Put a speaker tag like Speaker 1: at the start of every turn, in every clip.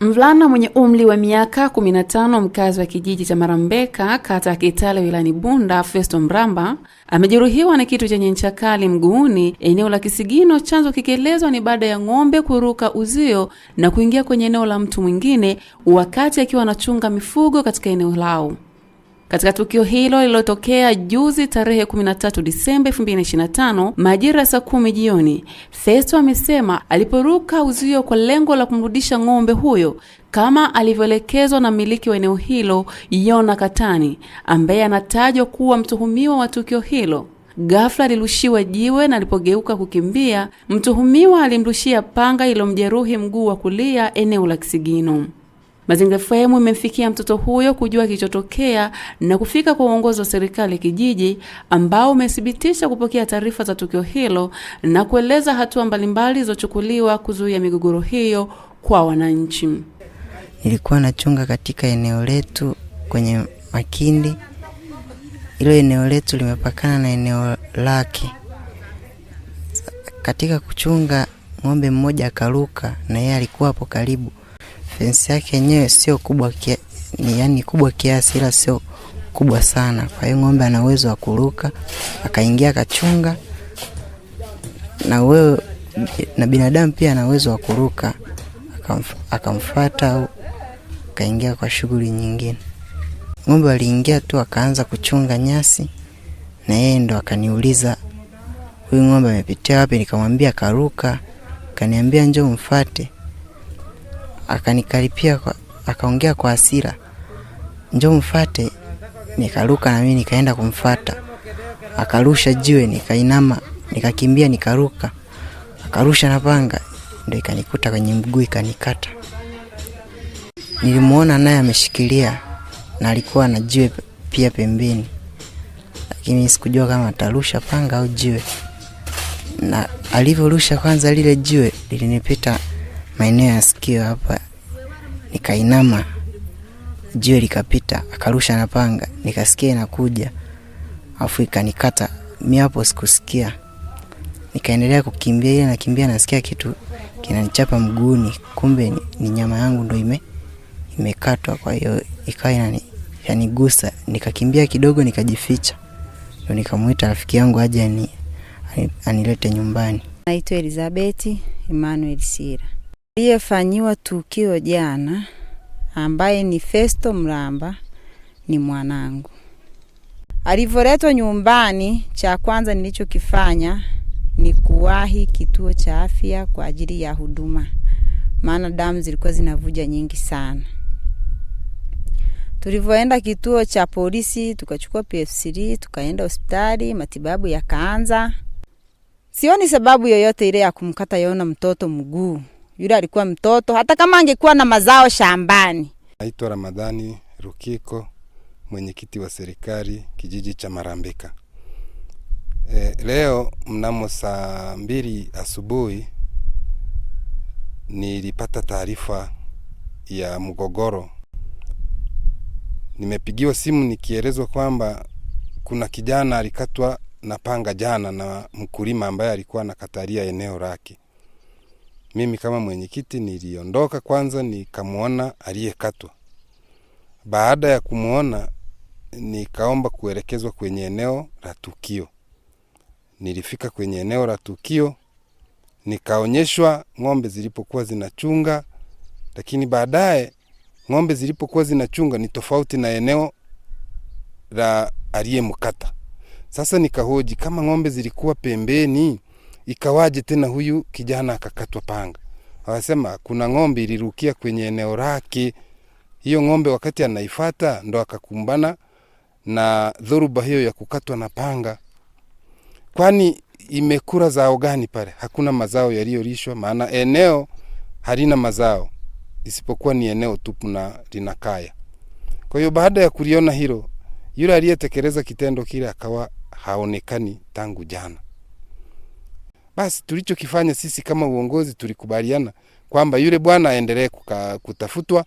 Speaker 1: Mvulana mwenye umri wa miaka 15 mkazi wa kijiji cha Marambeka kata ya Kitale wilayani Bunda, Festo Mramba amejeruhiwa na kitu chenye ncha kali mguuni eneo la Kisigino, chanzo kikielezwa ni baada ya ng'ombe kuruka uzio na kuingia kwenye eneo la mtu mwingine wakati akiwa anachunga mifugo katika eneo lao. Katika tukio hilo lililotokea juzi tarehe 13 Disemba 2025 majira ya saa kumi jioni, Festo amesema aliporuka uzio kwa lengo la kumrudisha ng'ombe huyo kama alivyoelekezwa na mmiliki wa eneo hilo Yona Katani ambaye anatajwa kuwa mtuhumiwa wa tukio hilo. Ghafla alirushiwa jiwe na alipogeuka kukimbia, mtuhumiwa alimrushia panga iliyomjeruhi mguu wa kulia eneo la kisigino. Mazinga FM imemfikia mtoto huyo kujua kilichotokea na kufika kwa uongozi wa serikali kijiji ambao umethibitisha kupokea taarifa za tukio hilo na kueleza hatua mbalimbali zilizochukuliwa kuzuia migogoro hiyo kwa wananchi.
Speaker 2: Nilikuwa nachunga katika eneo letu kwenye Makindi. Hilo eneo letu limepakana na eneo lake. Katika kuchunga, ng'ombe mmoja akaruka, na yeye alikuwa hapo karibu fensi yake yenyewe sio kubwa kia, ni yani kubwa kiasi ila sio kubwa sana. Kwa hiyo ng'ombe ana uwezo wa kuruka akaingia akachunga, na wewe na binadamu pia ana uwezo wa kuruka akamfuata au akaingia kwa shughuli nyingine. Ng'ombe aliingia tu akaanza kuchunga nyasi, na yeye ndo akaniuliza huyu ng'ombe amepitia wapi? Nikamwambia karuka. Kaniambia njoo mfate akanikaripia, akaongea kwa hasira, njoo mfate. Nikaruka na mimi nikaenda kumfata, akarusha jiwe, nikainama, nikakimbia, nikaruka, akarusha na panga, ndo ikanikuta kwenye mguu, ikanikata. Nilimuona naye ameshikilia na alikuwa na jiwe pia pembeni, lakini sikujua kama atarusha panga au jiwe. Na alivyorusha kwanza, lile jiwe lilinipita maeneo ya sikio hapa nikainama, jiwe likapita, akarusha na panga, nikasikia inakuja, afu ikanikata mi. Hapo sikusikia, nikaendelea kukimbia, ile nakimbia nasikia kitu kinanichapa mguuni, kumbe ni nyama yangu ndo ime imekatwa. Kwa hiyo ikawa inani yanigusa, nikakimbia kidogo, nikajificha, ndo nikamwita rafiki yangu aje ani, anilete nyumbani.
Speaker 3: Naitwa elizabeti Emmanuel Sira. Aliyefanyiwa tukio jana ambaye ni Festo Mramba ni mwanangu. Alivyoletwa nyumbani, cha kwanza nilichokifanya ni kuwahi kituo cha afya kwa ajili ya huduma, maana damu zilikuwa zinavuja nyingi sana. Tulivyoenda kituo cha polisi, tukachukua PF3, tukaenda hospitali, matibabu yakaanza. Sioni sababu yoyote ile ya kumkata Yona mtoto mguu. Yule alikuwa mtoto, hata kama angekuwa na mazao shambani.
Speaker 4: Naitwa Ramadhani Rukiko, mwenyekiti wa serikali kijiji cha Marambika. E, leo mnamo saa mbili asubuhi nilipata taarifa ya mgogoro. Nimepigiwa simu nikielezwa kwamba kuna kijana alikatwa na panga jana na mkulima ambaye alikuwa anakatalia eneo lake. Mimi kama mwenyekiti niliondoka kwanza, nikamwona aliyekatwa. Baada ya kumwona, nikaomba kuelekezwa kwenye eneo la tukio. Nilifika kwenye eneo la tukio, nikaonyeshwa ng'ombe zilipokuwa zinachunga, lakini baadaye ng'ombe zilipokuwa zinachunga ni tofauti na eneo la aliyemkata. Sasa nikahoji kama ng'ombe zilikuwa pembeni ikawaje tena huyu kijana akakatwa panga? Wakasema kuna ng'ombe ilirukia kwenye eneo lake. Hiyo ng'ombe wakati anaifata ndo akakumbana na dhoruba hiyo ya kukatwa na panga, kwani imekura zao gani pale? Hakuna mazao yaliyolishwa, maana eneo halina mazao isipokuwa ni eneo tupu na linakaya. Kwa hiyo baada ya kuliona hilo, yule aliyetekeleza kitendo kile akawa haonekani tangu jana. Basi tulichokifanya sisi kama uongozi tulikubaliana kwamba yule bwana aendelee kutafutwa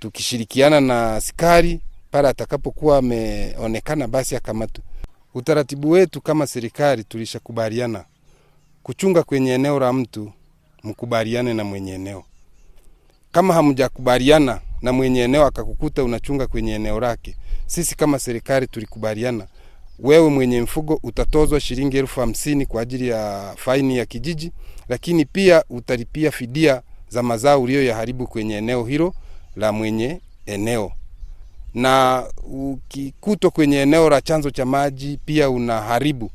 Speaker 4: tukishirikiana na askari pale atakapokuwa ameonekana basi akamatwe. Utaratibu wetu kama serikali tulishakubaliana kuchunga kwenye eneo la mtu, mkubaliane na mwenye eneo. Kama hamjakubaliana na mwenye eneo akakukuta unachunga kwenye eneo lake, sisi kama serikali tulikubaliana wewe mwenye mfugo utatozwa shilingi elfu hamsini kwa ajili ya faini ya kijiji, lakini pia utalipia fidia za mazao uliyoyaharibu kwenye eneo hilo la mwenye eneo. Na ukikutwa kwenye eneo la chanzo cha maji pia unaharibu,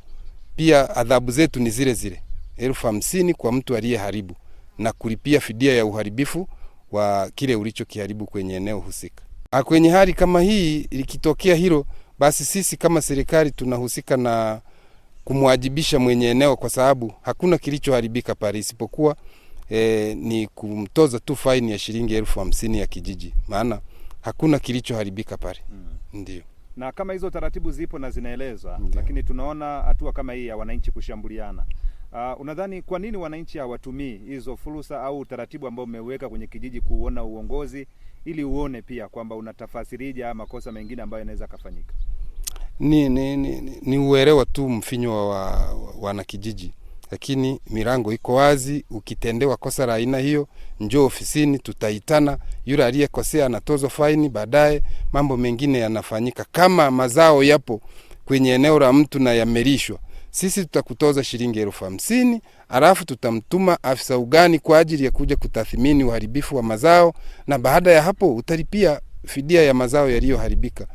Speaker 4: pia adhabu zetu ni zile zile, elfu hamsini kwa mtu aliyeharibu na kulipia fidia ya uharibifu wa kile ulichokiharibu kwenye eneo husika. Kwenye hali kama hii likitokea hilo basi sisi kama serikali tunahusika na kumwajibisha mwenye eneo, kwa sababu hakuna kilichoharibika pale isipokuwa e, ni kumtoza tu faini ya shilingi elfu hamsini ya kijiji, maana hakuna kilichoharibika pale mm. Ndio
Speaker 5: na kama hizo taratibu zipo na zinaelezwa, lakini tunaona hatua kama hii ya wananchi kushambuliana. Uh, unadhani kwa nini wananchi hawatumii hizo fursa au utaratibu ambao umeweka kwenye kijiji kuona uongozi ili uone pia kwamba unatafasirija makosa mengine ambayo yanaweza kafanyika?
Speaker 4: ni, ni, ni, ni uelewa tu mfinyo wa wanakijiji wa lakini milango iko wazi. Ukitendewa kosa la aina hiyo, njoo ofisini, tutaitana. Yule aliyekosea anatozwa faini, baadaye mambo mengine yanafanyika. Kama mazao yapo kwenye eneo la mtu na yamelishwa, sisi tutakutoza shilingi elfu hamsini alafu tutamtuma afisa ugani kwa ajili ya kuja kutathimini uharibifu wa mazao, na baada ya hapo utalipia fidia ya mazao yaliyoharibika.